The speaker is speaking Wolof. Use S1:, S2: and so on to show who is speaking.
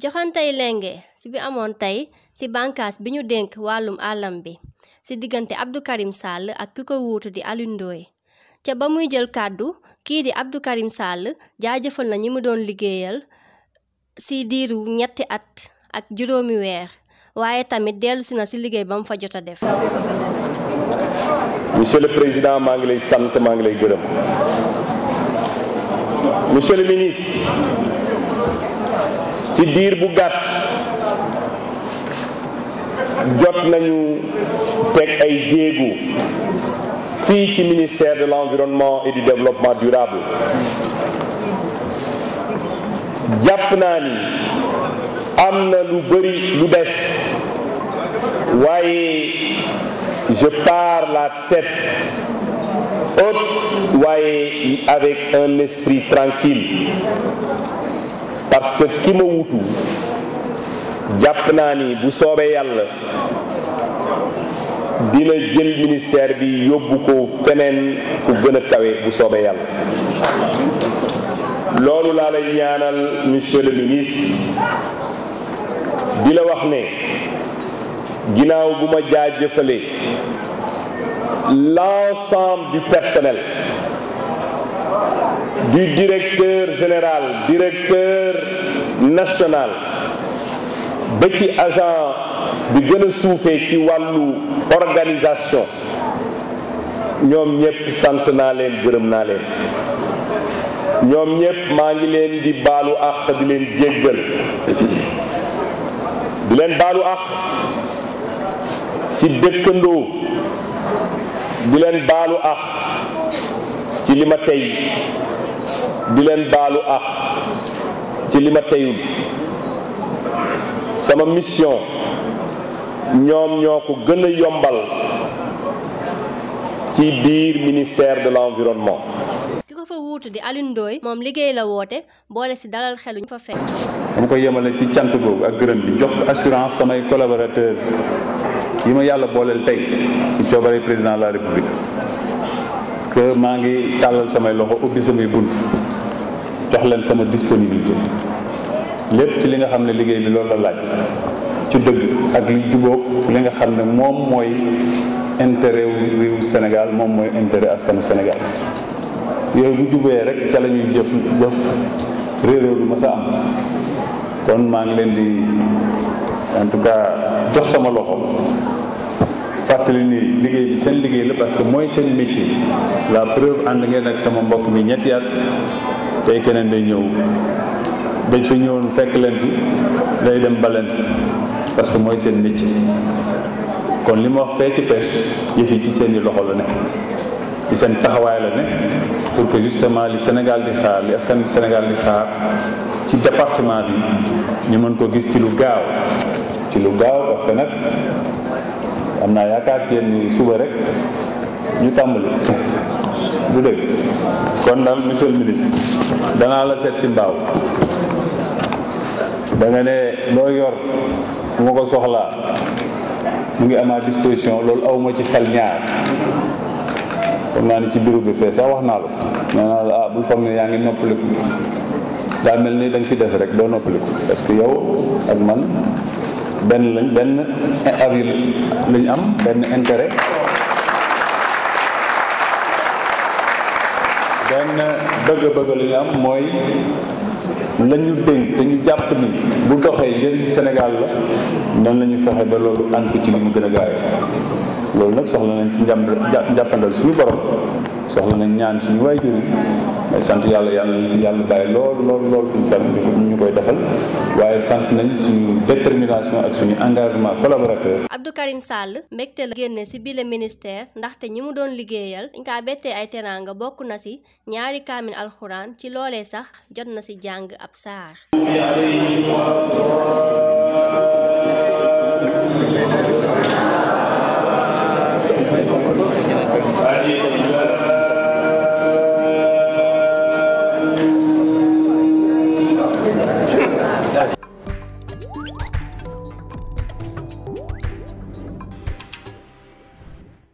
S1: joxantey lenge si bi amoon tey ci bànkaas bi ñu dénk wàllum àllam bi ci diggante abdu Karim sàll ak ki ko wuutu di alindooy Ndoye ca ba muy jël kàddu kii di Abdou Karim Sall jaajëfal na ñi mu doon liggéeyal si diiru ñetti at ak juróomi weer waaye tamit dellusi na ci liggéey ba mu fa jot a def
S2: monsieur le président maa ngi lay sant maa ngi lay gërëm monsieur le ministre ci diir bu gàtt jot nañu teg ay jéegu fii ci ministère de l'environnement et du développement durable jàpp naa ni am na lu bari lu des waaye je pars la tête haute waaye avec un esprit tranquille parce que ki ma wutu jàpp naa ni bu soobee yàlla dina jël ministère bi yóbbu ko feneen fu gën a bu soobee yàlla loolu laa lay ñaanal monsieur le ministre di wax ne ginnaaw bu ma jaajëfalee l'ensemble du personnel du directeur général directeur national ba ci agent bi gëna a suufee ci wàllu organisation ñoom ñëpp sant naa leen gërëm naa leen ñoom ñëpp maa ngi leen di baalu àq di leen jéggal di leen baalu àq ci dëkkandoo di leen baalu ax ci li ma tey di leen baalu ax ci li ma teyul sama mission ñoom ñoo ko gën a yombal ci biir ministère de l'environnement
S1: ki ko fa wuutu di alindooy Ndoye moom liggéey la woote boole si dalal xeluñ fa fekk
S3: dama ko yemale ci cant googu ak gërëm bi jox assurance samay collaborateurs yi ma yàlla booleel tey ci coobare président la république que maa ngi tàllal samay loxo ubbi samay bunt jox leen sama disponibilité lépp ci li nga xam ne liggéey bi loolu la laaj ci dëgg ak li jubóog li nga xam ne moom mooy intérêt wu réewu Sénégal moom mooy intérêt askanu Sénégal yooyu bu jubee rek ca la ñuy jëf jëf réeréew du ma sa am kon maa ngi leen di en tout cas jox sama loxo fàttali ni liggéey bi seen liggéey la parce que mooy seen métier la preuve ànd ngeen ak sama mbokk mi ñetti yaat tey keneen day ñëw dañ fi ñëwoon fekk leen fi day dem ba parce que mooy seen métier kon li ma wax fee ci pêche yëf yi ci seeni loxo la ne ci seen taxawaay la ne pour que justement li Sénégal di xaar li askan Sénégal di xaar ci département bi ñu mën ko gis ci lu gaaw ci lu gaaw parce que nag am naa yaakaar ci ni suba rek ñu tàmbali du dëgg kon daal monsieur ministre danaa la seet si mbaaw da ne loo yor bu ma ko soxlaa mu ngi am à disposition loolu awma ci xel ñaar kon naa ni ci bureau bi fee sax wax naa la nee naa la ah bul foog yaa ngi noppaliku daa mel ni da nga des rek doo noppaliku parce que yow ak man benn lañ benn avril lañ am benn intérêt benn bëgg-bëgg la ñu am mooy la ñu dénk te ñu jàpp ni bu doxee njëriñ Sénégal la nan la ñu fexe ba loolu ci li mu gën a gaaw loolu nag soxla nañ ci njàpp njàppandal suñu borom soxla nañ ñaan suñu waajur yi may sant yàlla yàlla nañ fi yàlla bàyyi lool lool lool suñu famille bi ñu koy defal waaye sant nañ suñu détermination ak suñu engagement collaborateur.
S1: Abdou Karim Sall mbégte la génne si bile ministère ndaxte ñi mu doon liggéeyal dañ bette bettee ay teraanga bokk na ci ñaari kaamin alxuraan ci loole sax jot na ci jàng ab saar.